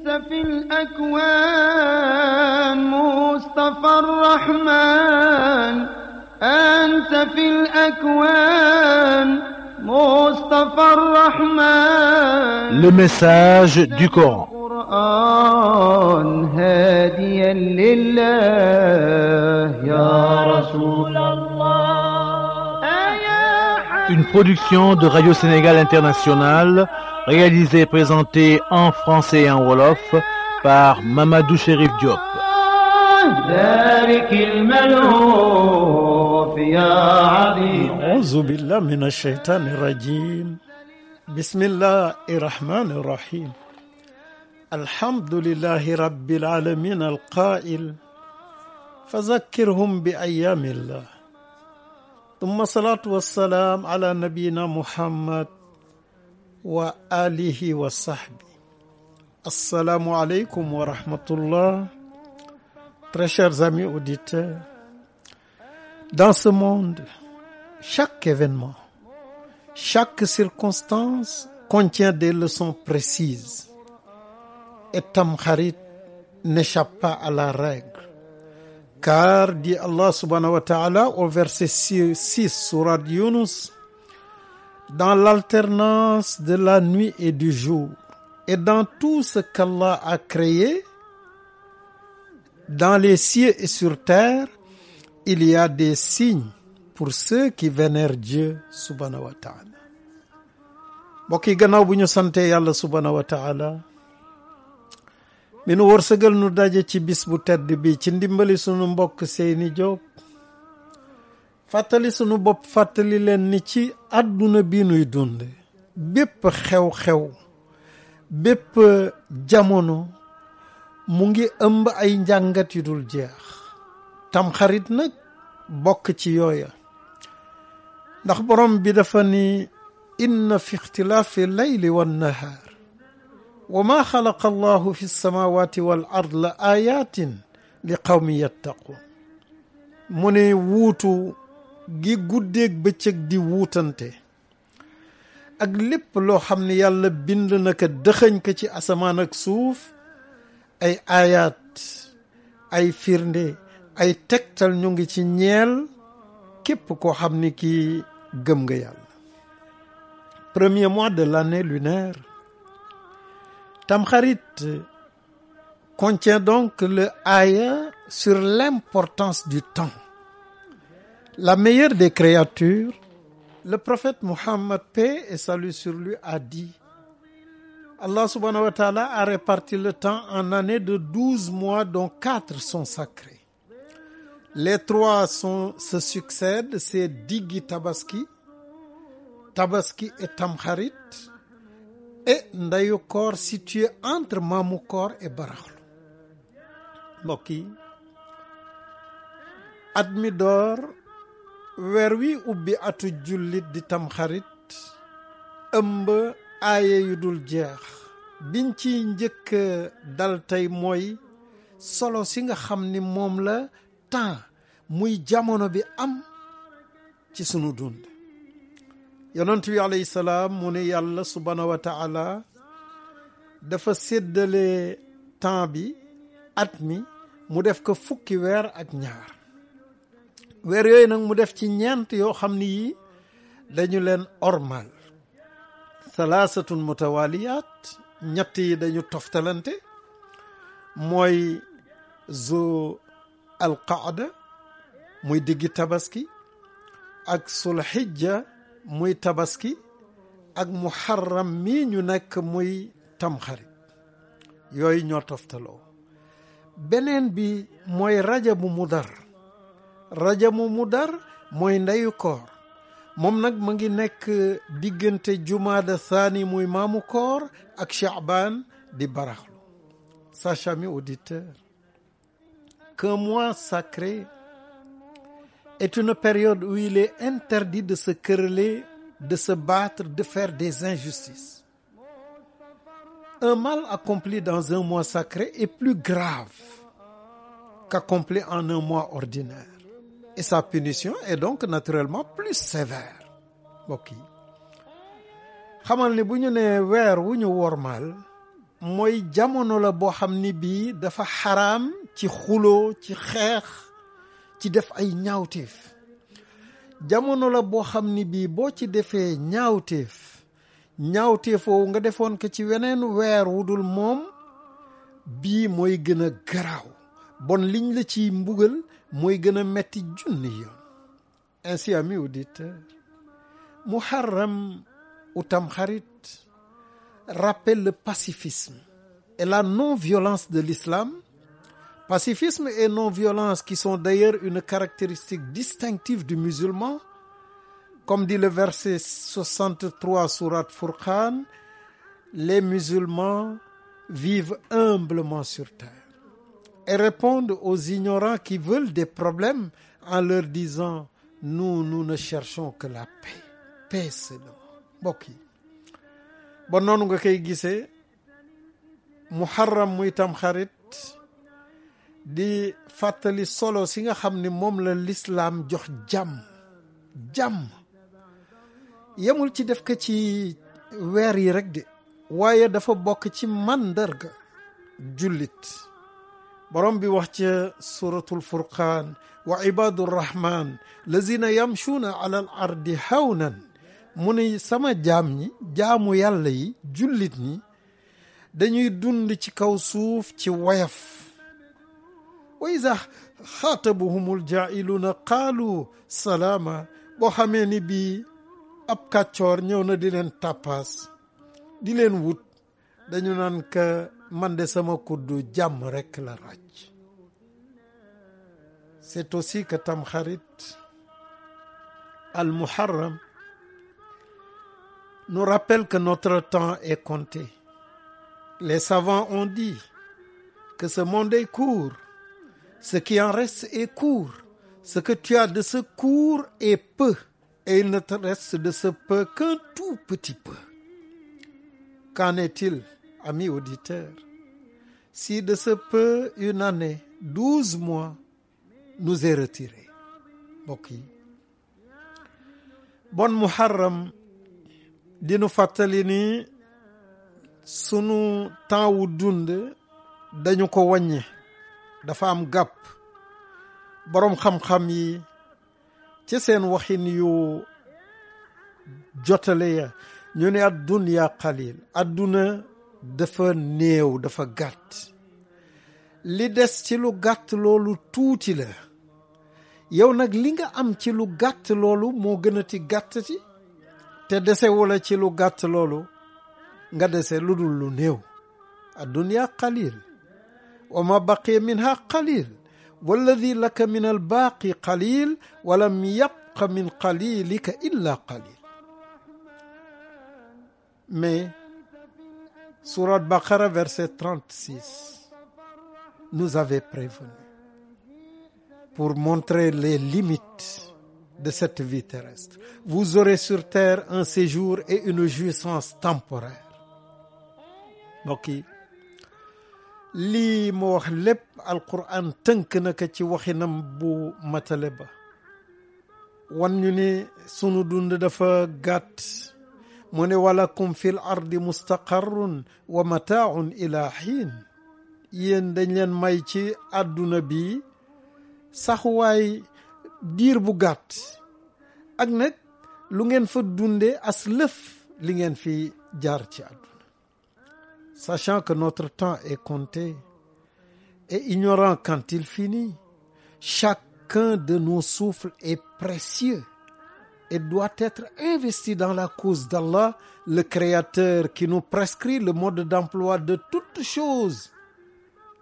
الإنس في الأكوان مصطفى الرحمن أنت في الأكوان مصطفى الرحمن Le message du Coran هاديا لله يا رسول الله une production de Radio Sénégal International, réalisée et présentée en français et en wolof par Mamadou Chérif Diop. بسم الله الرحمن الرحيم الحمد لله رب العالمين القائل فذكرهم بأيام الله tumma salaatu wassalaam ala nabiyina muhammad wa alihi wa sahbi assalaamu aleykum wa rahmatullah très chers amis auditeurs dans ce monde chaque événement chaque circonstance contient des leçons précises et Tamkharit n'échappe pas à la règle Car, dit Allah subhanahu wa ta'ala au verset 6, surat Yunus, dans l'alternance de la nuit et du jour, et dans tout ce qu'Allah a créé, dans les cieux et sur terre, il y a des signes pour ceux qui vénèrent Dieu subhanahu wa ta'ala. mbokk yi gannaaw bu ñu sante yàlla subhanahu wa ta'ala mi nu wërsëgal nu daje ci bis bu tedd bi ci ndimbali sunu mbokk seeni Diop fàttali sunu bopp fàttali leen ni ci àdduna bi nuy dund bépp xew-xew bépp jamono mu ngi ëmb ay njàngat yu dul jeex tamxarit nag bokk ci yooya ndax borom bi dafa ni inna fi ixtilaafi li wan nahaar wa ma xalaqa allahu fi lsamawati wal ard la ayatin li qawmi yattaqun mu ne wuutu gi ba cëg di wuutante ak lépp loo xam ne yàlla bind na ko dëxëñ ko ci asamaan ak suuf ay ayaat ay firnde ay tegtal ñu ngi ci ñeel képp koo xam ni kii gëm nga yàlla premier mois de l'année lunaire Tamkharit contient donc le aya sur l'importance du temps. La meilleure des créatures, le prophète Muhammad, paix et salut sur lui, a dit Allah subhanahu wa ta'ala a réparti le temps un années de douze mois dont quatre sont sacrés. Les trois sont se succèdent, c'est Diggi Tabaski, Tabaski et Tamkharit et ndeyu koor situé entre maamu koor et baraxlu mbokk yi at mi door weer wi ubbi atu jullit di tamxarit ëmb aaye yu dul jeex biñ ciy njëkk dal tey mooy solo si nga xam ni moom la temps muy jamono bi am ci sunu dund yonent bi alayhi salaam ne yàlla subhaanahu wa taala dafa séddale temps bi at mi mu def ko fukki weer ak ñaar weer yooyu nag mu def ci ñeent yoo xam ni yi dañu leen ormal salaasatun mutawaliyaat ñetti dañu toftalante mooy zu alqaada muy diggi tabaski ak sulhijja muy tabaski ak mu xarram mi ñu nekk muy tamxarit yooyu ñoo toftaloo beneen bi mooy rajabu mudar rajabu dar mooy ndeyu koor moom nag ma ngi nekk diggante jumaada saani muy maamu koor ak chaban di baraxlu sachami auditeur qu'un mois sacré est une période où il est interdit de se quereller, de se battre, de faire des injustices. Un mal accompli dans un mois sacré est plus grave qu'accompli en un mois ordinaire. Et sa punition est donc naturellement plus sévère. mbokk yi xamal bu ñu nee weer wu ñu wormaal mooy jamono la boo xam ni bii dafa xaraam ci xuloo ci xeex ci def ay ñaawteef jamono la boo xam ni bii boo ci defee ñaawteef ñaawteef nga defoon ko ci weneen weer wu dul moom bii mooy gën a garaaw bon liñ la ci mbugal mooy gën a metti junni yoon ainsi ami auditeur Muharram ou Tamkharit rappelle le pacifisme et la non-violence de l'islam Pacifisme et non-violence qui sont d'ailleurs une caractéristique distinctive du musulman, comme dit le verset 63 sourate Furqan, les musulmans vivent humblement sur terre et répondent aux ignorants qui veulent des problèmes en leur disant nous nous ne cherchons que la paix paix seulement mbokk yi ba noonu muharram muy tam di fàttali solo si nga xam ni moom la lislaam jox jàmm jàmm yemul ci def ko ci weer yi rek de waaye dafa bokk ci màndarga jullit borom bi wax ca suratul furqaan wa ibaadu rahman lazina yamchuuna ala al ardi hawnan mu ne sama jaam ñi jaamu yàlla yi jullit ñi dañuy dund ci kaw suuf ci woyaf wa iza xaatabuhumul jaa'iluuna qaalu salaama boo xamee ni bii ab kàccoor ñëw na di leen tàppaas di leen wut dañu naan ka man de sama kuddu jàmm rekk la ràcc c'est aussi que tamxarit al muharram nous rappelle que notre temps est compté les savants ont dit que ce monde est court Ce qui en reste est court. Ce que tu as de ce court est peu, et il ne te reste de ce peu qu'un tout petit peu. Qu'en est-il, ami auditeur? Si de ce peu une année, douze mois, nous est retiré. bon muharram dinu fàttali ni sunu temps wu dund dañu ko wàññi dafa am gàpp boroom xam-xam yi ci seen waxin yu jotale ya ñu ne addunya qalil àdduna dafa néew dafa gàtt li des ci lu gàtt loolu tuuti la yow nag li nga am ci lu gàtt loolu moo gën a ti gàtt ci te dese wala ci lu gàtt loolu nga dese lu dul lu néew addunya qalil wa ma baqiya minha qalil walladi laka mais sourate Baqara nous avait prévenu pour montrer les limites de cette vie terrestre vous aurez sur terre un séjour et une jouissance temporaire lii ma wax lépp alquran tënk na ko ci waxinam bu matale ba wan ñu ni sunu dund dafa gàtt mu ne walakum fil ardi mustaqarrun wa mataaun ila xiin yéen dañ leen may ci àdduna bi saxuwaay diir bu gàtt ak nag lu ngeen fa dunde as lëf li ngeen fi jaar ci àdduna sachant que notre temps est compté et ignorant quand il finit, chacun de nos souffles est précieux et doit être investi dans la cause d'Allah, le Créateur, qui nous prescrit le mode d'emploi de toutes choses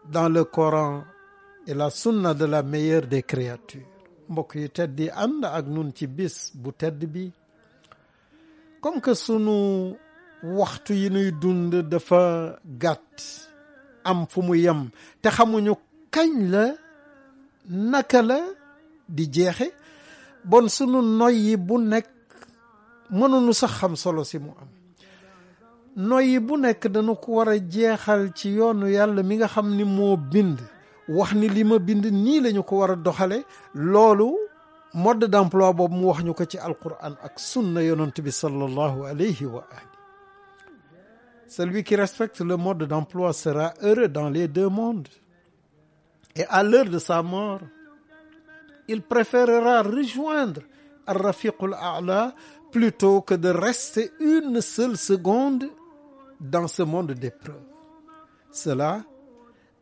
dans le Coran et la sunna de la meilleure des créatures mbokk yu tedd yi ànd ak nun ci bis bu tedd bi comme que sunu waxtu yi nuy dund dafa gàtt am fu mu yem te xamuñu kañ la naka la di jeexe bon sunu noyyi bu nekk mënuñu sax xam solo si mu am noyyi bu nekk dañu ko war a jeexal ci yoonu yàlla mi nga xam ni moo bind wax ni li ma bind nii lañu ko war a doxale loolu mode d'emploi boobu mu wax ñu ko ci alquran ak sunna yonent bi sallallahu alayhi wa ali Celui qui respecte le mode d'emploi sera heureux dans les deux mondes. Et à l'heure de sa mort, il préférera rejoindre Ar-Rafiqul plutôt que de rester une seule seconde dans ce monde d'épreuve. Cela,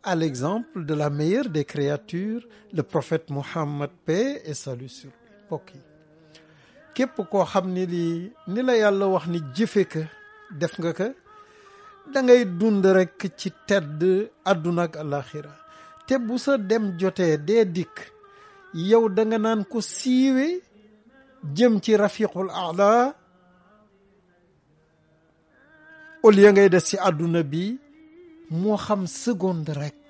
à l'exemple de la meilleure des créatures, le prophète Muhammad paix et salut sur lui mbokk yi képp koo ni la yàlla wax ni jëfe def nga ka da ngay dund rekk ci tedd àdduna ak te bu sa dem jotee dee dikk yow danga naan ko siiwe jëm ci rafiqul ala au lieu ngay des ci àdduna bi moo xam seconde rekk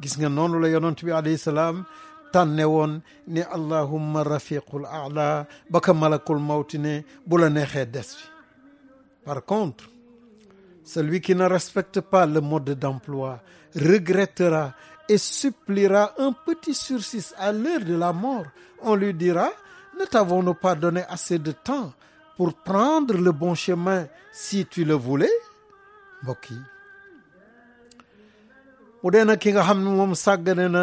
gis nga noonu la yonent bi alayhi salaam tànne woon ne allahumma rafiqul ala baka malakul mawti bu la neexee des fi Celui qui ne respecte pas le mode d'emploi regrettera et suppliera un petit sursis à l'heure de la mort. On lui dira, ne t'avons-nous pas donné assez de temps pour prendre le bon chemin si tu le voulais mbokk yi mu dee nag ki nga xam ne moom sàggane na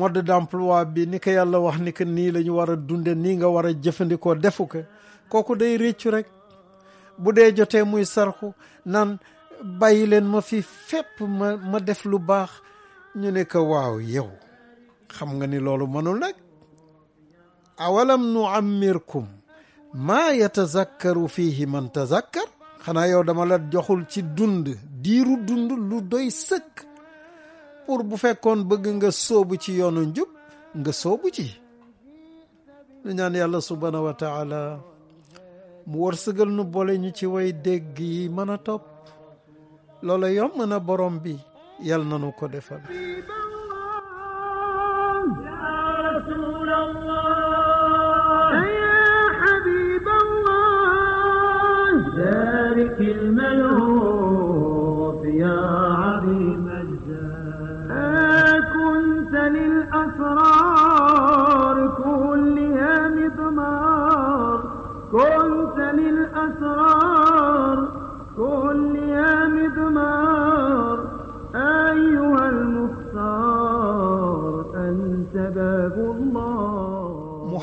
mode d'emploi bi ni ko yàlla wax ni que nii la ñu war a dunde nii nga war a jëfandikoo defu ko kooku day réccu bu dee jotee muy sarxu nan bàyyi leen ma fi fépp ma def lu baax ñu ne ko waaw yow xam nga ni loolu mënul nag awalam nu ammirkum maa yatazakkaru fiihi man tazakkar xanaa yow dama la joxul ci dund diiru dund lu doy sëkk pour bu fekkoon bëgg nga soobu ci yoonu njub nga sóobu ci lu ñaan yàlla subhaanahu wa mu wërsëgal nu boole ñu ci way dégg yi mën a topp loola yomb na borom bi yal nanu ko defal ya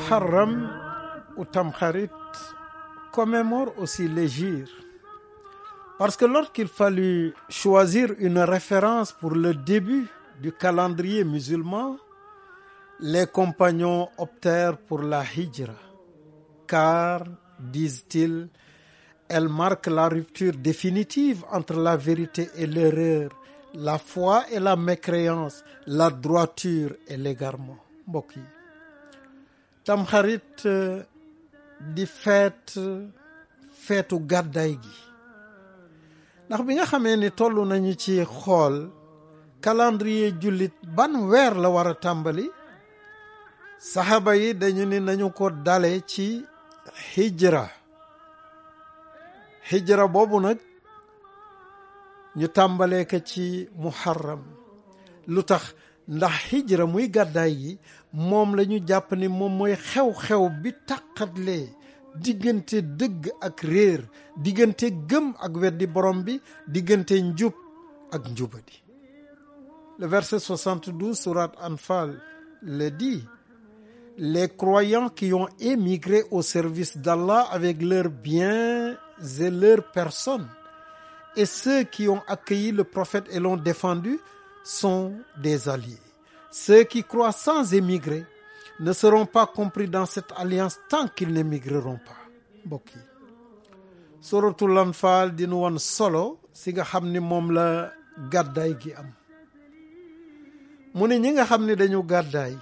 Muharram ou Tamkharit commémore aussi l'hégire. Parce que lorsqu'il fallut choisir une référence pour le début du calendrier musulman, les compagnons optèrent pour la hijra, car, disent-ils, elle marque la rupture définitive entre la vérité et l'erreur, la foi et la mécréance, la droiture et l'égarement. Mbokk yi tamxarit euh, di feet euh, feetu gàddaay gi ndax bi nga xamee ni toll nañu ci xool calendrier jullit ban weer la war a tàmbali saxaaba yi dañu ni nañu ko dale ci hijra hijra boobu nag ñu tàmbalee ko ci muharram lu tax ndax hijra muy gàddaay gi moom lañu jàpp ni moom mooy xew-xew bi taqatle diggante dëgg ak réer diggante gëm ak weddi borom bi diggante njub ak njubadi le verset 72 sourate Anfal le di les croyants qui ont émigré au service d'Allah avec leurs biens et leurs personnes et ceux qui ont accueilli le prophète et défendu sont des alliés. Ceux qui croient sans émigrer ne seront pas compris dans cette alliance tant qu'ils n'émigreront pas mbokk yi suratul Anfal dinu wan solo si nga xam ni moom la gàddaay gi am mu ne ñi nga xam ne dañu gàddaay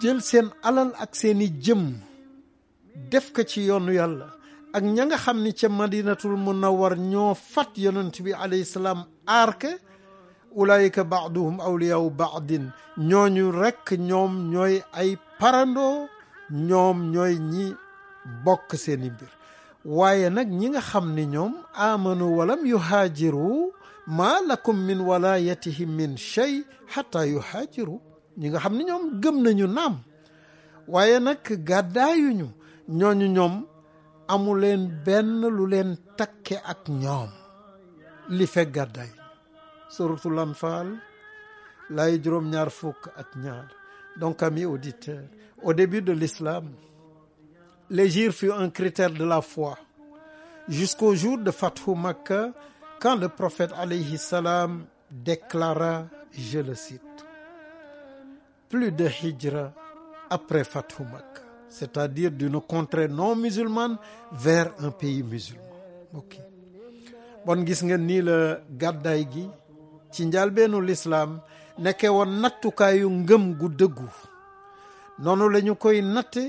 jël seen alal ak seeni jëm def ko ci yoonu yàlla ak ña nga xam ni ca madinatul war ñoo fat yonent bi alayhi salaam aar ke ulaayika baaduhum awliyaw baadin ñooñu rekk ñoom ñooy ay parandoo ñoom ñooy ñi bokk seeni mbir waaye nag ñi nga xam ni ñoom amanu walam yuhaajiru maa lakum min walaayatihim min shay xata yuhaajiru ñi nga xam ni ñoom gëm nañu naam waaye nag gàddaayuñu ñooñu ñoom amuleen benn lu takke ak ñoom li fekk gàddaay suratul anfal lay juróom ñaar fukk ak ñaar donc amis auditeurs au début de l'islam les jours un critère de la foi jusqu'au jour de Fathu Makka quand le prophète alayhi salam déclara je le cite plus de hijra après Fathu c'est-à-dire d'une contrée non musulmane vers un pays musulman bon gis nga nii la gàddaay gi ci njalbeenu lislaam nekke woon nattukaayu ngëm gu dëggu noonu lañu ñu koy natte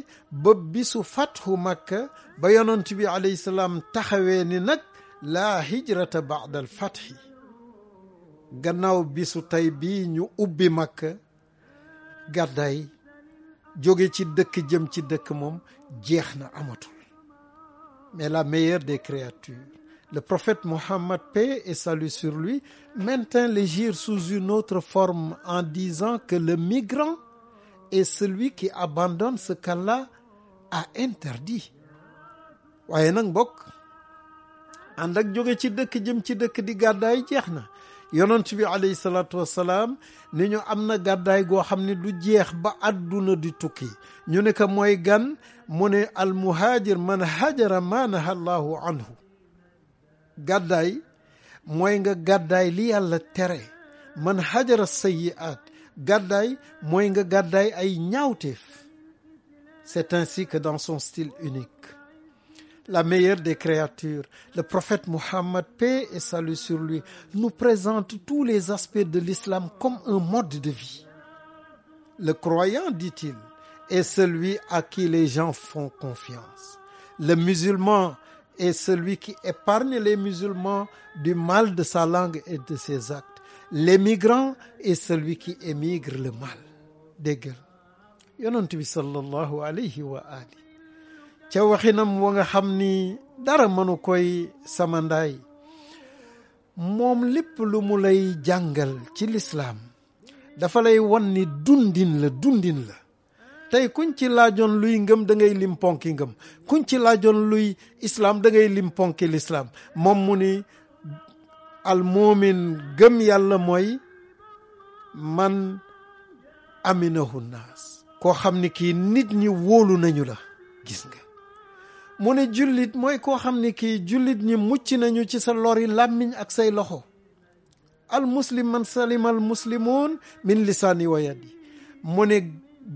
ba bisu fathu makka ba yonent bi alayhi salaam taxawee ni nag laa hijrata baada al fathi gannaaw bisu tey bii ñu ubbi makka gàddaay jóge ci dëkk jëm ci dëkk moom jeex na amatul mais la meilleure des créatures le prophète Mohammed paix et salut sur lui maintint les gires sous une autre forme en disant que le migrant est celui qui abandonne ce qu'Allah a interdit waaye nag bokk ànd ak jóge ci dëkk jëm ci dëkk di gàddaay jeex na yonent bi alayhi salaatu wassalaam ni ñu am na gàddaay goo xam ne du jeex ba àdduna di tukki ñu ne ko mooy gan mu ne al muhaajir man hajara maa naha allahu anhu gàddaay mooy nga gàddaay li yàlla tere man hajara sayyi'aat gàddaay mooy nga gàddaay ay ñaawteef c'est ainsi que dans son style unique la meilleure des créatures, le prophète Mohammed, paix et salut sur lui, nous présente tous les aspects de l'islam comme un mode de vie. Le croyant, dit-il, est celui à qui les gens font confiance. Le musulman est celui qui épargne les musulmans du mal de sa langue et de ses actes. L'émigrant est celui qui émigre le mal. déggal ca waxinam wa nga xam ni dara mënu koy samandaay moom lépp lu mu lay jàngal ci lislaam dafa lay won ni dundin la dundin la tey kuñ ci laajoon luy ngëm da ngay lim ponki ngëm kuñ ci laajoon luy islaam dangay ngay lim ponki lislaam moom mu ni al muumin gëm yàlla mooy man aminahu naas koo xam ni kii nit ñi wóolu nañu la gis nga mu ne jullit mooy koo xam ne kii jullit ñi mucc nañu ci sa lori làmmiñ ak say loxo al muslim man salima al min lisaani wa yadi mu ne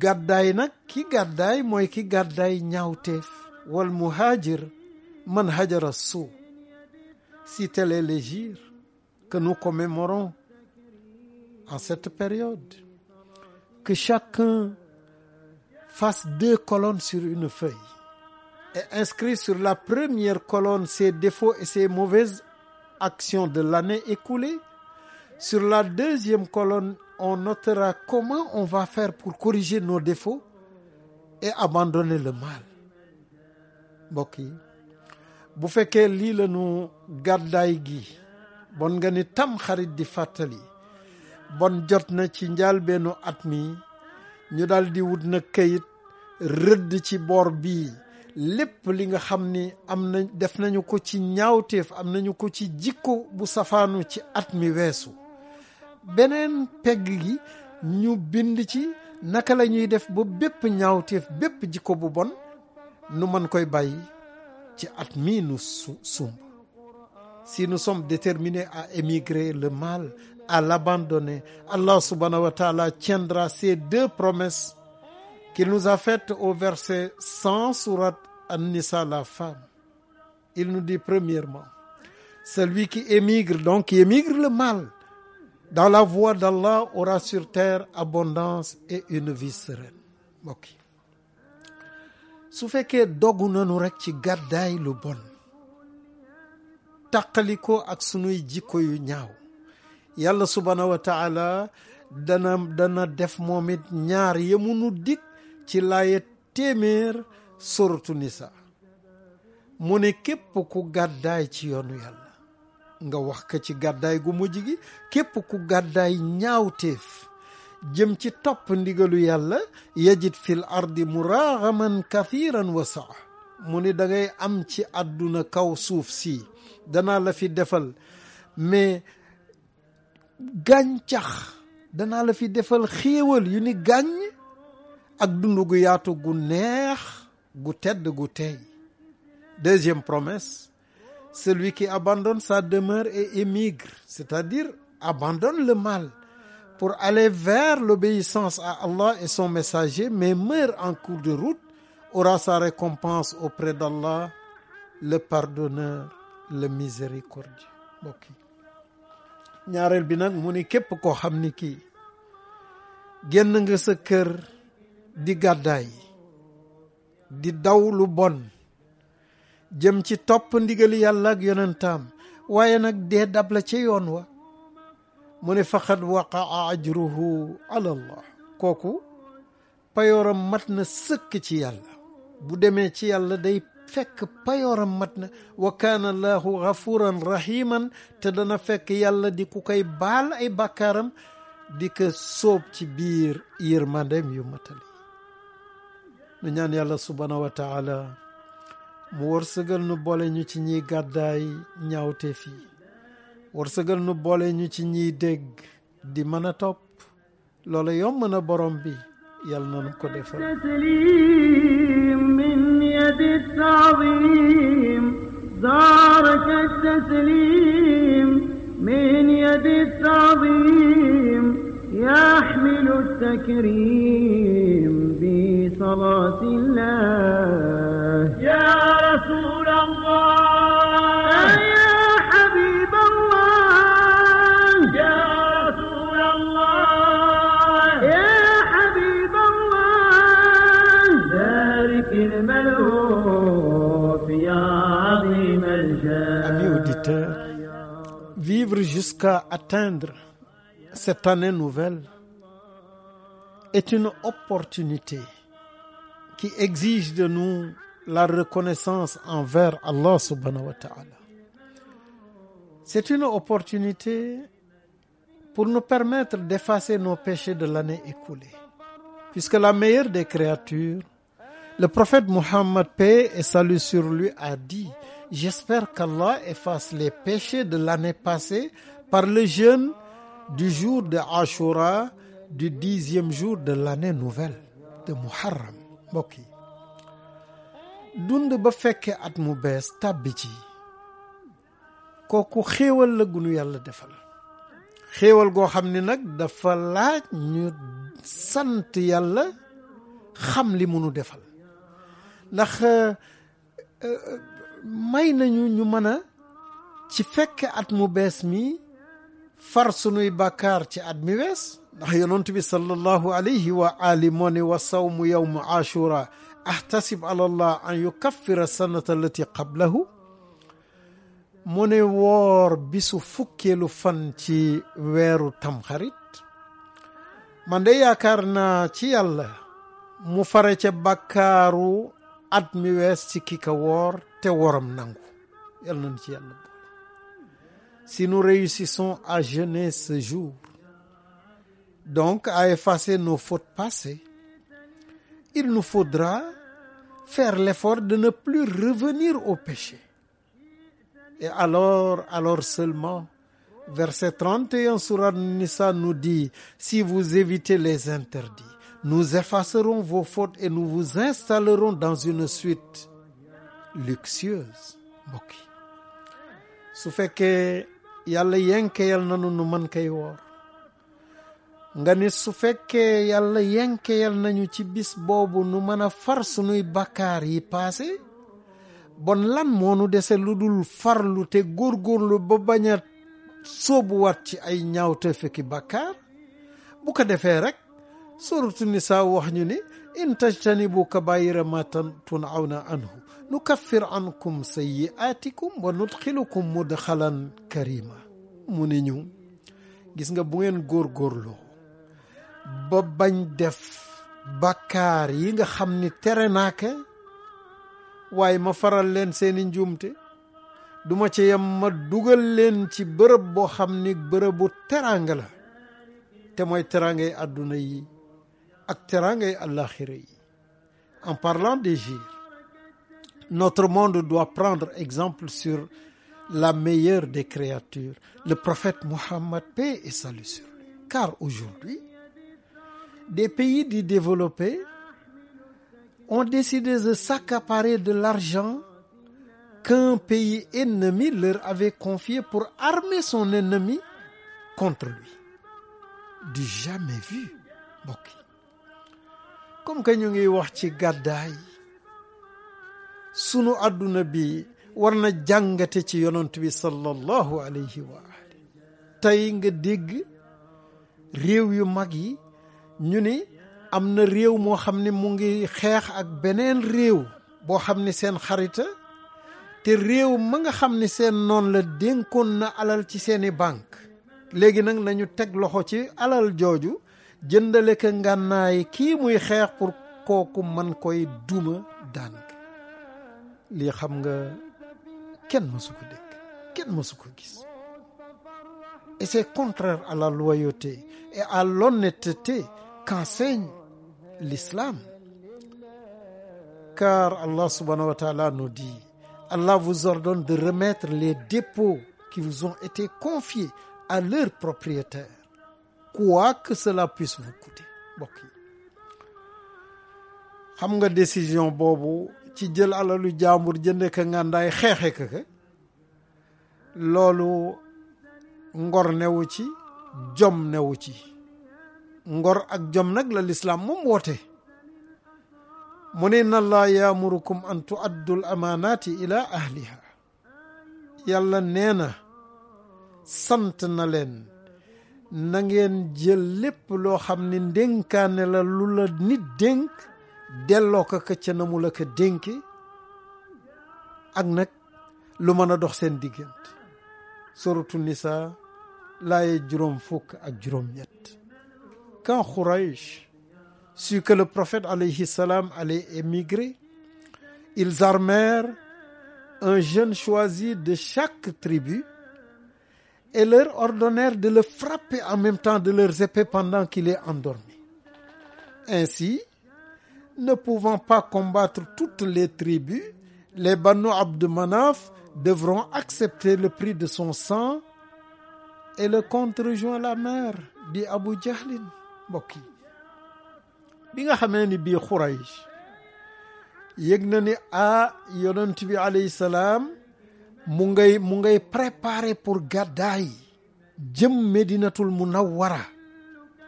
gàddaay nag ki gàddaay mooy ki gàddaay ñaawteef wal muhajir man hajara suu Citez les jours que nous en cette période que chacun fasse deux colonnes sur une feuille et inscrit sur la première colonne ses défauts et ses mauvaises actions de l'année écoulée. Sur la deuxième colonne, on notera comment on va faire pour corriger nos défauts et abandonner le mal. mbokk yi bu fekkee lii la ñu gàddaay gi bon nga ni tam xarit di fàttali bon jot na ci njàlbeenu at mi ñu dal di wut na kayit rëdd ci boor bi lépp li nga xam ni am na def nañu ko ci ñaawteef am nañu ko ci jikko bu safaanu ci at mi weesu beneen pegg gi ñu bind ci naka la ñuy def ba bépp ñaawteef bépp jikko bu bon nu mën koy bàyyi ci at mi nu su sumb si nous sommes déterminés à émigrer le mal à l'abandonner Allah subhanahu wa ta'ala tiendra ses deux promesses qu'il nous a faite au verset 100 sourate An-Nisa la femme. Il nous dit premièrement, celui qui émigre, donc qui émigre le mal, dans la voie d'Allah aura sur terre abondance et une vie sereine. mbokk yi su fekkee dogu nanu rek ci gàddaay lu bon tàqalikoo ak sunuy jikko yu ñaaw yàlla subhaanahu wa dana def moom it ñaar yemunu dikk ci laaya téeméer sortu nisa mu ne képp ku gàddaay ci yoonu yàlla nga wax ko ci gàddaay gu mujj gi képp ku gàddaay ñaawteef jëm ci topp ndigalu yàlla yajid fil ardi muraaxaman kathiran wa saa mu ne dangay am ci àdduna kaw suuf si danaa la fi defal mais gàncax danaa la fi defal xéewal yu ni gàññ ak dund gu yaatu gu neex gu tedd gu tey deuxième promesse celui qui abandonne sa demeure et émigre c'est-à-dire abandonne le mal pour aller vers l'obéissance à Allah et son messager mais meurt en cours de route aura sa récompense auprès d'Allah le pardonneur le miséricordieux mbokk yi ñaareel bi nag mu ni képp koo xam ni kii génn nga sa kër di gàddaay di daw lu bon jëm ci topp ndigali yàlla yonentaam waaye nag dee dab la ca yoon wa mu ne faqad waqaa ajruhu ala allah kooku payooram mat na sëkk ci yàlla bu demee ci yàlla day fekk payooram mat na wa kaana allahu gafuran rahiman te dana fekk yàlla di ku koy baal ay bàkkaaram di ko sóob ci biir yërmandeem yu matali nu ñaan yàlla subhaanahu wa taala mu wërsëgal nu boole ñu ci ñiy gàddaay ñaawteef yi wërsëgal nu boole ñu ci ñiy dégg di mën a topp loola yomb na borom bi yàlla na nu ko defal min yadi taazim zaaraka taslim min yadi taazim yaxmilu takrim صلاة الله يا رسول الله يا حبيب الله يا رسول الله يا حبيب الله بارك الملهوف يا عظيم الجاه Amis auditeurs, vivre jusqu'à atteindre cette année nouvelle est une opportunité qui exige de nous la reconnaissance envers Allah subhanahu wa ta'ala. C'est une opportunité pour nous permettre d'effacer nos péchés de l'année écoulée. Puisque la meilleure des créatures, le prophète Muhammad, paix et salut sur lui, a dit, j'espère qu'Allah efface les péchés de l'année passée par le jeûne du jour de Ashura, du dixième jour de l'année nouvelle de Muharram. mbokk yi dund ba fekkee at mu bees tàbbi ci kooku xéewal la gunu yàlla defal xéewal goo xam ni nag dafa laaj ñu sant yàlla xam li munu defal ndax euh, euh, may nañu ñu mën a ci fekk at mu bees mi far sunuy bàkkaar ci at mi wees ndax yonent bi sallallahu wa ali moo ne wa sawmu yawmu ashura ahtasib ala allah an yukaffira sanata allati qablahu mu woor bisu fukkeelu fan ci weeru tamxarit man yaakaar naa ci yàlla mu fare ca bàkkaaru at mi wees ci ki ka woor te woram nangu yàlla nañ ci yàlla boole si nous réussissons à jeûner ce donc à effacer nos fautes passées il nous faudra faire l'effort de ne plus revenir au péché et alors alors seulement verset 31 sourate Nisa nous dit si vous évitez les interdits nous effacerons vos fautes et nous vous installerons dans une suite luxueuse mbokk yi su fekkee yàlla yenkeyal nanu nu man kay woor nga ni su fekkee yàlla yenkeyal nañu ci bis boobu nu mën a far sunuy bakkaar yi paase bon lan moo nu dese lu dul farlu te góorgóorlu ba bañ bu sóobuwaat ci ay ñaawte fekki bakkaar bu ko defee rekk rek suratu nisaa wax ñu ni in tajtanibu kabaayira ma tunawna anhu nukaffir ankum sayyi'aatikum wa nudxilukum mudxalan ma mu ne ñu gis nga bu ngeen góorgóorloo ba bañ def bakkaar yi nga xam ni tere naa ko waaye ma faral leen seeni njuumte duma ci yem ma dugal leen ci bërëb boo xam ni bërëbu teraanga la te mooy teraangay àdduna yi ak teraangay àllaaxira yi en parlant des gires notre monde doit prendre exemple sur la meilleure des créatures le prophète Mohammed paix et salut sur lui car aujourd'hui des pays dits développés ont décidé de s'accaparer de l'argent qu'un pays ennemi leur avait confié pour armer son ennemi contre lui du jamais vu mbokk comme que ñu ngi wax ci gàddaay sunu àdduna bi war na jàngate ci yonent bi sallallahu alayhi wa nga dégg réew yu mag yi ñu ni am na réew moo xam ne mu ngi xeex ak beneen réew boo xam ne seen xarita te réew ma nga xam ne seen noon la dénkoon na alal ci seeni bànk léegi nag nañu teg loxo ci alal jooju jëndale ko ngànnaay kii muy xeex pour kooku man koy duma daan lii xam nga kenn mësu ko dégg kenn mësu ko gis et c'est contraire à la loyauté et à l'honnêteté qu'enseigne l'islam. Car Allah subhanahu wa ta'ala nous dit, Allah vous ordonne de remettre les dépôts qui vous ont été confiés à leur propriétaire, quoi que cela puisse vous coûter. Mbokk yi xam nga décision boobu ci jël alalu jàmbur jënde ka ngàndaay xeexe ka ka loolu ngor newu ci jom newu ci ngor ak jom nag la lislaam moom woote mu ne inna allah yaamurukum an tuaddul amaanaati ila ahliha yàlla nee na sant na leen na ngeen jël lépp loo xam ne ndénkaane la lu la nit dénk delloo ko ka ca la ko dénki ak nag lu mën a dox seen diggante suratu nisa laaye juróom fukk ak juróom ñett quand Quraysh sut que le prophète alayhi salam allait émigrer, ils armèrent un jeune choisi de chaque tribu et leur ordonnèrent de le frapper en même temps de leurs épées pendant qu'il est endormi. Ainsi, ne pouvant pas combattre toutes les tribus, les Banu Abd Manaf devront accepter le prix de son sang et le compte rejoint la mer, dit Abu Jahlin. mbokk yi bi nga xamee ni bii Quraysh yëg na ni a ah, yonent bi alayhi salaam mu ngay mu ngay préparer pour gàddaay jëm Medinatul mu Munawwara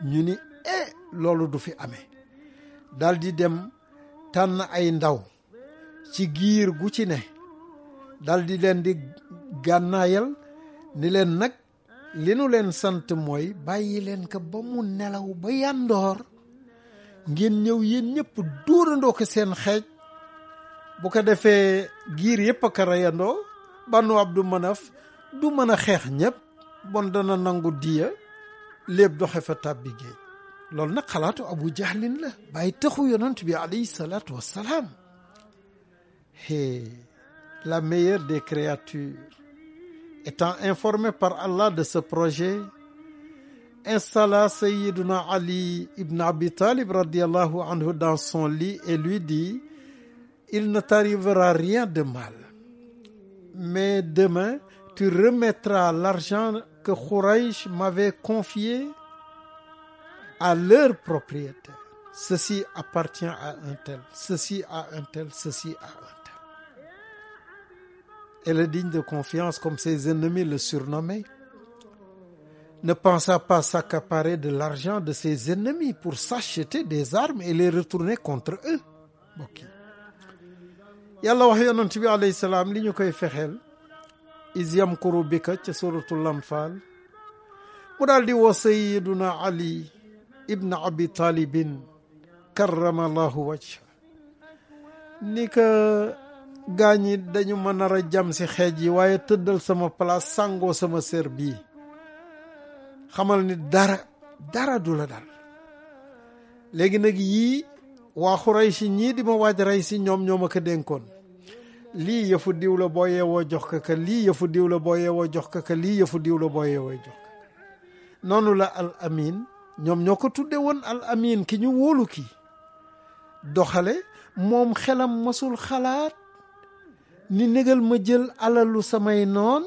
ñu ni e loolu du fi ame daldi di dem tànn ay ndaw ci giir gu ci ne daldi leen di gànnaayal ni leen nag li nu leen sant mooy bàyyi leen ko ba mu nelaw ba yàndoor ngeen ñëw yéen ñëpp dóorandoo ko seen xeej bu ko defee giir yëpp a ko reyandoo Banu Abdu Manaf du mën a xeex ñëpp bon dana nangu diya lépp doxe fa tàbbi géej loolu nag xalaatu Abu Jahlin la bàyyi taxu yonent bi alayhi salaatu la meilleure des créatures étant informé par Allah de ce projet installa Sayyiduna Ali ibn Abi Talib radiallahu anhu dans son lit et lui dit il ne t'arrivera rien de mal mais demain tu remettras l'argent que Khouraïch m'avait confié à leur propriétaire ceci appartient à un tel ceci à un tel ceci à un tel et le digne de confiance comme ses ennemis le surnommaient, ne pensa pas s'accaparer de l'argent de ses ennemis pour s'acheter des armes et les retourner contre eux mbokk yi yàlla wax yonent bi alayhi salaam li ñu koy fexeel iz yamkuru bika ca suratul anfal daal di woo sayiduna ali ibn abi talibin karramallahu wajha ni gaañ yi dañu ma nar a jam si xeej yi waaye tëddal sama place sàngoo sama sér bii xamal ni dara dara du la dal léegi nag yii waa Xuraysi ñii di ma waaj rey si ñoom ñoo ma ko dénkoon lii yëfu diw la boo yeewoo jox ka ka lii yëfu diw la jox ka ka lii yëfu diwla la jox ka noonu la al amin ñoom ñoo ko tudde woon al amin ki ñu wóolu kii doxale moom xelam masul xalaat ni négal ma jël alalu samay noon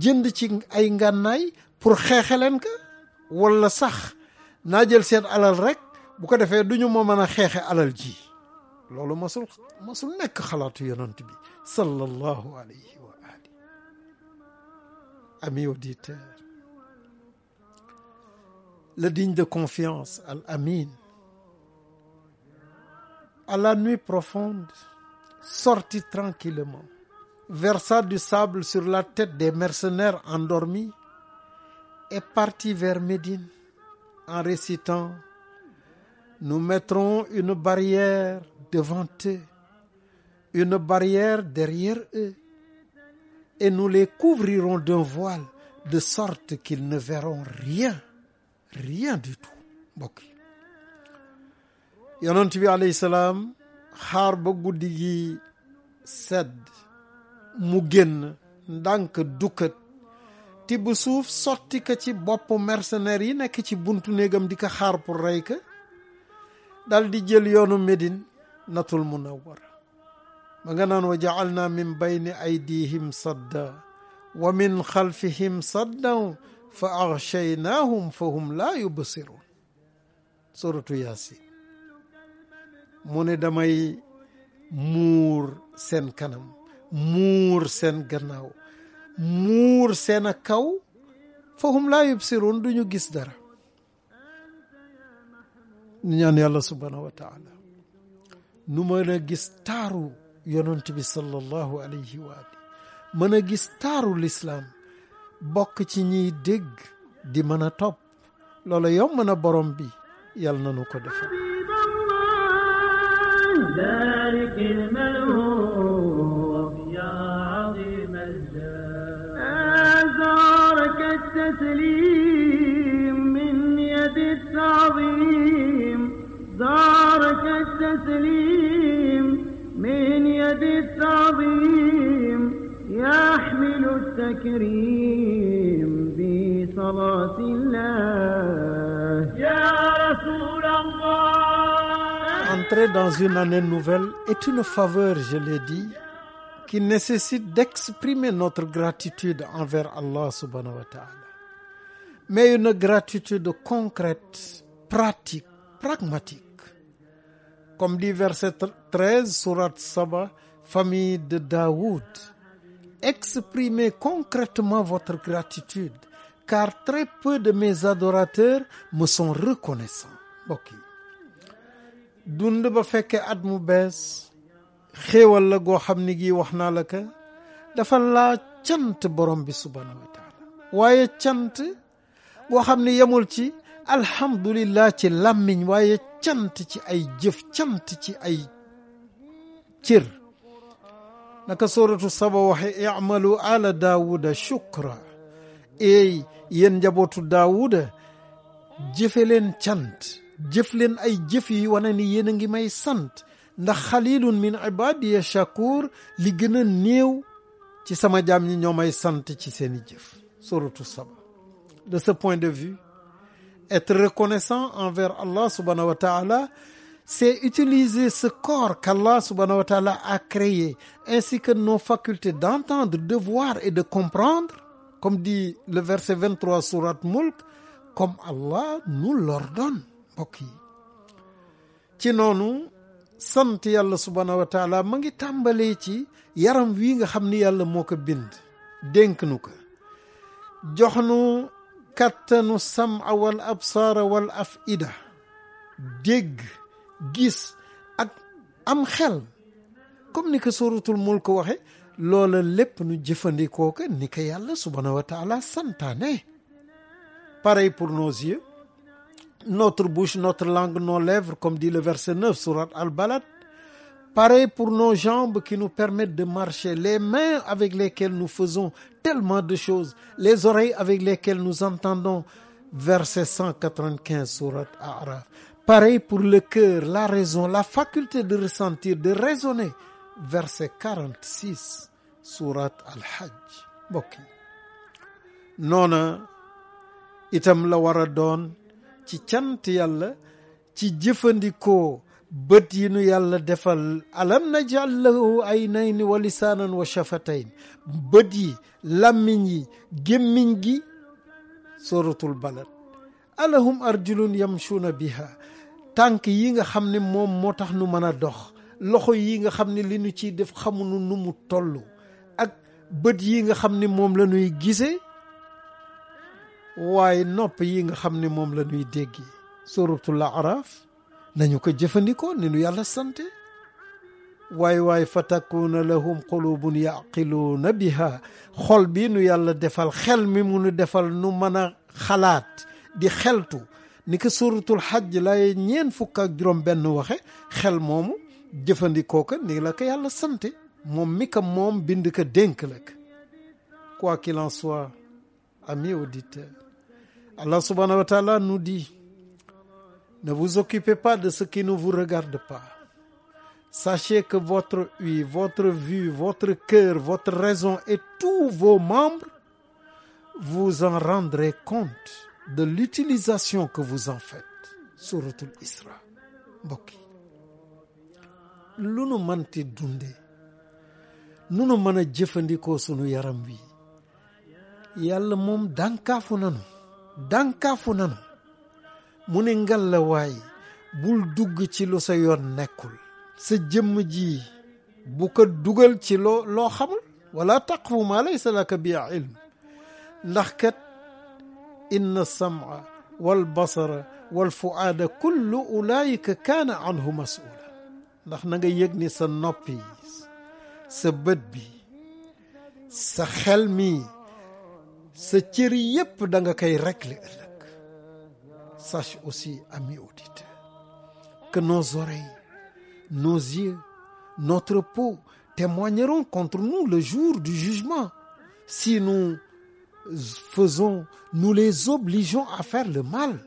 jënd ci ay ngànnaay pour xeexe leen ka walla sax naa jël seen alal rek bu ko defee duñu ma mën a xeexe alal ji loolu masul masul nekk xalaatu yonent bi sallallahu alayhi wa ami auditeur le digne de confiance al amin à la nuit profonde sortit tranquillement versa du sable sur la tête des mercenaires endormis et partit vers Médine en récitant nous mettrons une barrière devant eux une barrière derrière eux et nous les couvrirons d'un voile de sorte qu'ils ne verront rien rien du tout xaar ba guddi gi sedd mu génn ndànk dukkat tibb suuf sotti ko ci boppu mercenaires yi nekk ci buntu néegam di ko xaar pour rey ko dal jël yoonu medin natul munawwara ba nga naan wa ja'alna min bayni aydihim sadda wa min xalfihim sadda fa aghshaynaahum fa hum laa yubsiruun suratu yaasin mu ne damay muur seen kanam muur seen gannaaw muur seen a kaw fahum laa yubsiruun duñu gis dara ñu ñaan yàlla subhaanahu wa nu mën a gis taaru yonent bi sallallahu alayhi wa ali mën a gis taaru lislaam bokk ci ñiy dégg di mën a topp yow mën na borom bi yàlla na nu ko defal ذلك المنهوب يا عظيم الجاه أزارك التسليم من يد التعظيم زارك التسليم من يد التعظيم يحمل التكريم بصلاة الله L'entrée dans une année nouvelle est une faveur, je l'ai dit, qui nécessite d'exprimer notre gratitude envers Allah subhanahu wa Mais une gratitude concrète, pratique, pragmatique. Comme dit verset 13, sourate Saba, famille de Daoud. Exprimez concrètement votre gratitude, car très peu de mes adorateurs me sont reconnaissants. dund ba fekke at mu bees xéewal la goo xam ni gii wax naa la ka dafa laa cant borom bi subhaanahu waaye cant goo xam ni yamul ci alhamdulillah ci làmmiñ waaye cant ci ay jëf cant ci ay cër naka suratu saba waxe i'malu ala daawuda shukra eey yéen njabootu daawuda jëfe leen cant jëf leen ay jëf yi wane ni yéen a ngi may sant ndax xalilun min ibadiya shakur li gën a néew ci sama jaam yi ñoo may sant ci seeni jëf suratu Saba de ce point de vue être reconnaissant envers Allah subhanahu wa ta'ala c'est utiliser ce corps qu'Allah subhanahu wa ta'ala a créé ainsi que nos facultés d'entendre de voir et de comprendre comme dit le verset 23 sourate Mulk comme Allah nous l'ordonne mbokk yi ci noonu sant yàlla subhaanahu wa ma ngi tàmbalee ci yaram wii nga xam ni yàlla moo ko bind dénk nu ko jox nu kàttanu sama wal absaara wal afida dégg gis ak am xel comme ni ko suratul mulk waxe loola lépp nu jëfandikoo ko ni ko yàlla subhaanahu wa taala santaane pareil pour notre bouche, notre langue, nos lèvres, comme dit le verset 9, sourate Al-Balad. Pareil pour nos jambes qui nous permettent de marcher, les mains avec lesquelles nous faisons tellement de choses, les oreilles avec lesquelles nous entendons. Verset 195, sourate Araf. Pareil pour le cœur, la raison, la faculté de ressentir, de raisonner. Verset 46, sourate Al-Hajj. Mbokk itam la war a doon ci cant yàlla ci jëfandikoo bët yi nu yàlla defal alam najal lahu aynayni wa lisaanan wa shafatayn bët yi làmmiñ yi gémmiñ gi suratul balad alahum arjulun yamshuuna biha tànk yi nga xam ne moom moo tax nu mën a dox loxo yi nga xam ni li nu ciy def xamunu nu mu toll ak bët yi nga xam ne moom la nuy gisee waaye nopp yi nga xam ni moom la ñuy dégg la araf nañu ko jëfandikoo ni nu yàlla sante waay waay fa takuna lahum qulubun yaqiluuna biha xol bi nu yàlla defal xel mi mu nu defal nu mën a xalaat di xeltu ni ko suratul xajj lay ñeen fukk ak juróom benn waxe xel moomu jëfandikoo ko ni la ko yàlla sante moom mi ko moom bind ko dénk la ko quoi qu'il en ami auditeur Allah subhanahu wa ta'ala nous dit, ne vous occupez pas de ce qui ne vous regarde pas. Sachez que votre œil, votre vue, votre cœur, votre raison et tous vos membres, vous en rendrez compte de l'utilisation que vous en faites. Suratul Isra. Mbokk yi lu nu mënti dunde nu nu mën a jëfandikoo sunu yaram wi yàlla moom dànkaafu nanu dànkaafu nanu mu ne ngal la waay bul dugg ci lu sa yoon nekkul sa jëmm ji bu ko dugal ci loo loo xamul wala taqfu maa laysa laka bi ilm ndax kat inna sam'a wal basara wal fuaada kullu ulaayika kaana anhu mas'uula ndax na nga yëg ni sa noppi sa bët bi sa xel mi sa cër yépp da nga koy régler sache aussi amis auditeurs que nos oreilles nos yeux notre peau témoigneront contre nous le jour du jugement si nous faisons nous les obligeons à faire le mal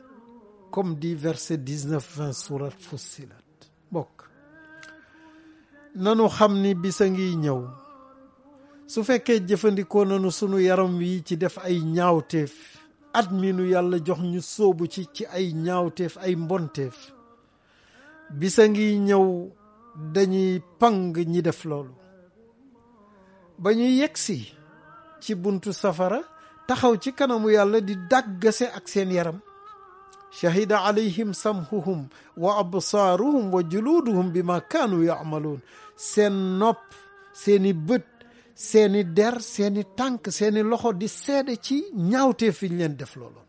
comme dit verset 19 20 surat Fussilat bokk nanu xam ni bisa ngi ñëw su fekkee jëfandikoo nanu sunu yaram wi ci def ay ñaawteef at mi nu yàlla jox ñu sóobu ci ci ay ñaawteef ay mbonteef bisa ngi ñëw dañuy pang ñi def loolu ba ñuy yegsi ci buntu safara taxaw ci kanamu yàlla di dàggase ak seen yaram shahida alayhim samhuhum wa absaaruhum wa juluuduhum bima kaanu yaamaluun seen nopp seeni bët seeni der seeni tànk seeni loxo di seede ci ñaawtee fi ñu leen def looloon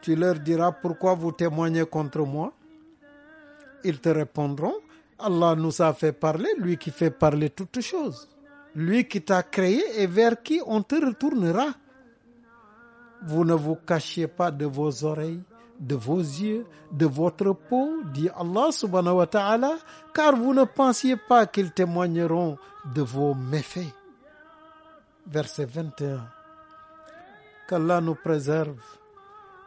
tu leur diras pourquoi vous témoignez contre moi ils te répondront Allah nous a fait parler lui qui fait parler toutes choses lui qui t'a créé et vers qui on te retournera vous ne vous cachez pas de vos oreilles de vos yeux, de votre peau, di Allah subhanahu wa ta'ala, car vous ne pensiez pas qu'ils témoigneront de vos méfaits. Verset 21. Qu'Allah nous préserve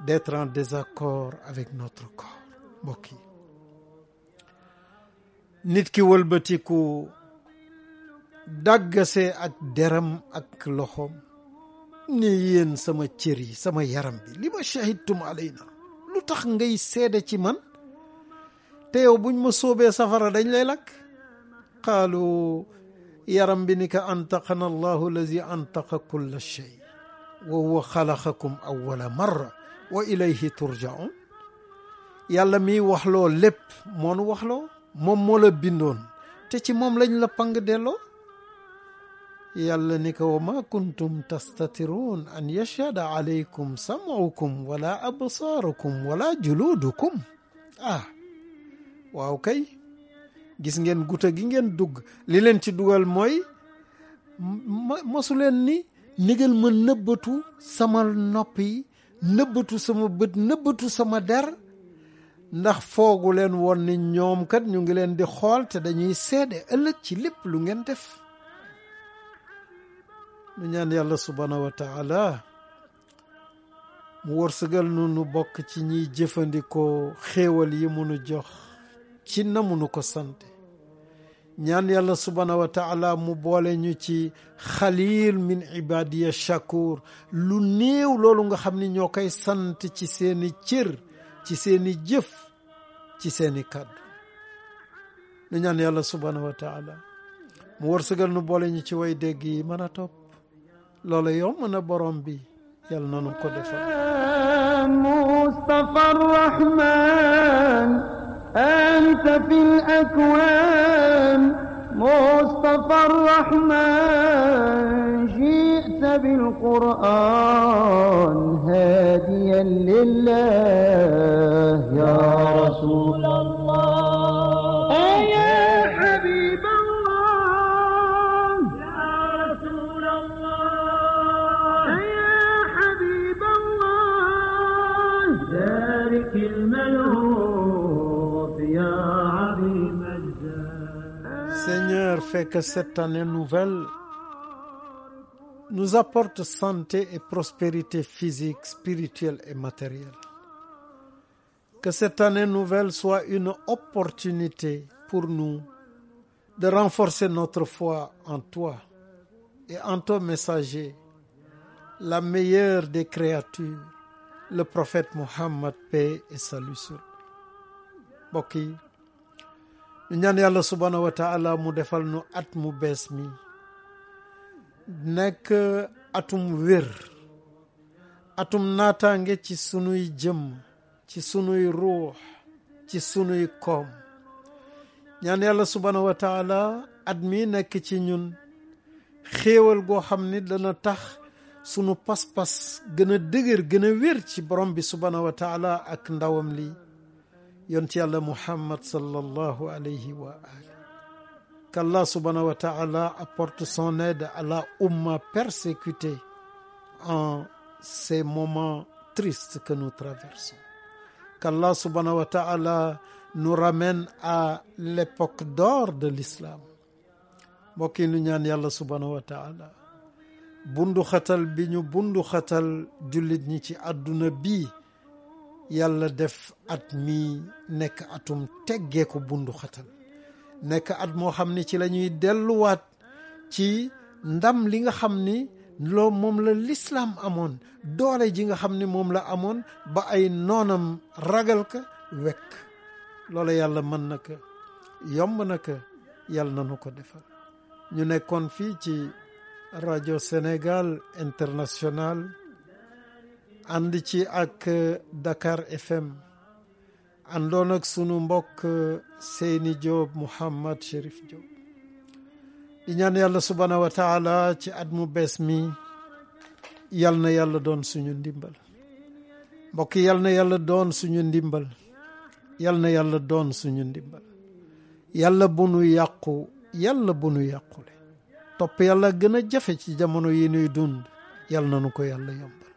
d'être en désaccord avec notre corps mbokk yi nit ki wëlbatiku dàggase ak deram ak loxoom sama cër sama yaram bi li ma shahidtum alayna lu tax ngay seede ci man te yow buñ ma soobee safara dañ lay lakk qaalu yaram bi ni ko antaqana allahu allazi antaqa kulla shay wa huwa xalaqakum awwala marra wa ilayhi turjaun yàlla mi waxloo lépp moonu waxloo moom moo la bindoon te ci moom lañ la pang delloo yàlla ni ko wa ma kuntum tastatiruun an yashhada alaykum sam'ukum wala absaarukum wala juluudukum ah waaw kay gis ngeen guta gi ngeen dugg li leen ci dugal mooy mosu leen ni nigal ma nëbbatu sama nopp yi nëbbatu sama bët nëbbatu sama der ndax foogu leen woon ni ñoom kat ñu ngi leen di xool te dañuy seede ëllëg ci lépp lu ngeen def nu ñaan yàlla subhaanahu wa mu wërsëgal nu nu bokk ci ñiy jëfandikoo xéewal yi mu jox ci na mu ko sant ñaan yàlla subhaanahu wa mu boole ñu ci xalil min ibadiya shakur lu néew loolu nga xam ni ñoo koy sant ci seeni cër ci seeni jëf ci seeni kàddu nu ñaan yàlla subhaanahu wa mu wërsëgal nu boole ñu ci way dégg yi mën a topp loola yomb na borom bi yàlla nanu ko defal mustafa arrahman anta fil akwaan mustafa arrahman jita bil quran hadiyan lillah ya rasul espérer que cette année nouvelle nous apporte santé et prospérité physique, spirituelle et matérielle. Que cette année nouvelle soit une opportunité pour nous de renforcer notre foi en toi et en ton messager, la meilleure des créatures, le prophète Mohammed, paix et salut sur lui. yi ñu ñaan yàlla subhaanahu wa mu defal nu at mu bees mi nekk atum wér atum naataange ci sunuy jëm ci sunuy ruux ci sunuy koom ñaan yàlla subhaanahu wa at mi nekk ci ñun xéewal goo xam ni dana tax sunu pas-pas gën dëgër gën a wér ci borom bi subhaanahu wa ak ndawam lii yonent yàlla Muhammad sallallahu alayhi wa ali qu'Allah subhanahu wa ta'ala apporte son aide à la umma persécutée en ces moments tristes que nous traversons qu'Allah subhanahu wa ta'ala nous ramène à l'époque d'or de l'islam mbokk yi nu ñaan yàlla subhanahu wa ta'ala bundu xatal bi ñu bundu xatal jullit ñi ci àdduna bii yàlla def at mii nekk atum teggeeku bundu xatan nekk at moo xam ni ci lañuy delluwaat ci ndam li nga xam ni loo moom la lislaam amoon doole ji nga xam ni moom la amoon ba ay noonam ragal ka wekk loola yàlla mën na ko yomb na ko yàlla nanu ko defal ñu nekkoon fii ci rajo Sénégal international ànd ci ak Dakar FM àndoon ak sunu mbokk Seyni Diop Mouhammad Chérif Diop di ñaan yàlla subhaanahu wa ci at mu bees mi yal na yàlla doon suñu ndimbal mbokk yal na yàlla doon suñu ndimbal yal na yàlla doon suñu ndimbal yàlla bu nu yàqu yàlla bu nu yàqule topp yàlla gëna jafe ci jamono yi nuy dund yal na nu ko yàlla yombal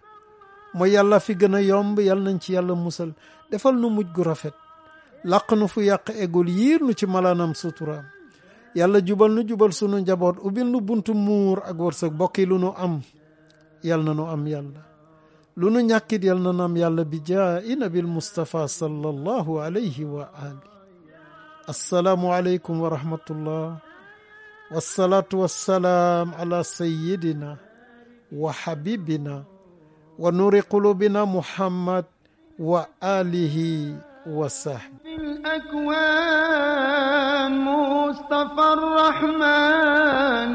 mooy yàlla fi gën a yomb yàlla nañ ci yàlla musal defal nu mujj gu rafet làq nu fu yàq eggul yiir nu ci malaanam suturaam yàlla jubal nu jubal sunu njaboot ubbil nu buntu muur ak wërsëg bokki lu nu am yàlla na nu am yàlla lu nu ñàkkit yàlla na nu am yàlla bi jaa'i nabil mustafa sallallahu alayhi wa ali assalaamu aleykum wa rahmatullah wassalaatu wassalaam ala sayyidina wa habibina wa nuuri qulubina muhammad wa alihi wa sahbi al-akwan mustafa ar-rahman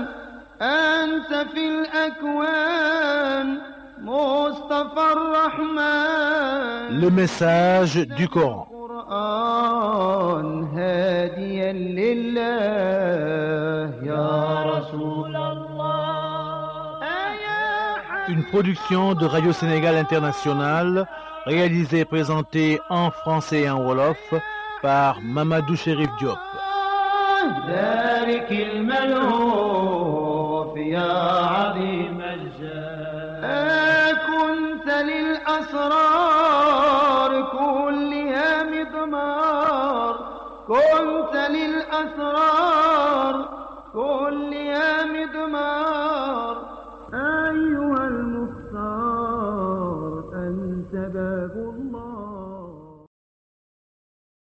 anta fi al-akwan mustafa ar-rahman le message du Coran hadiyan lillah ya rasul une production de Radio Sénégal International, réalisée et présentée en français et en wolof par Mamadou Chérif Diop. كنت للأسرار كل يا مدمار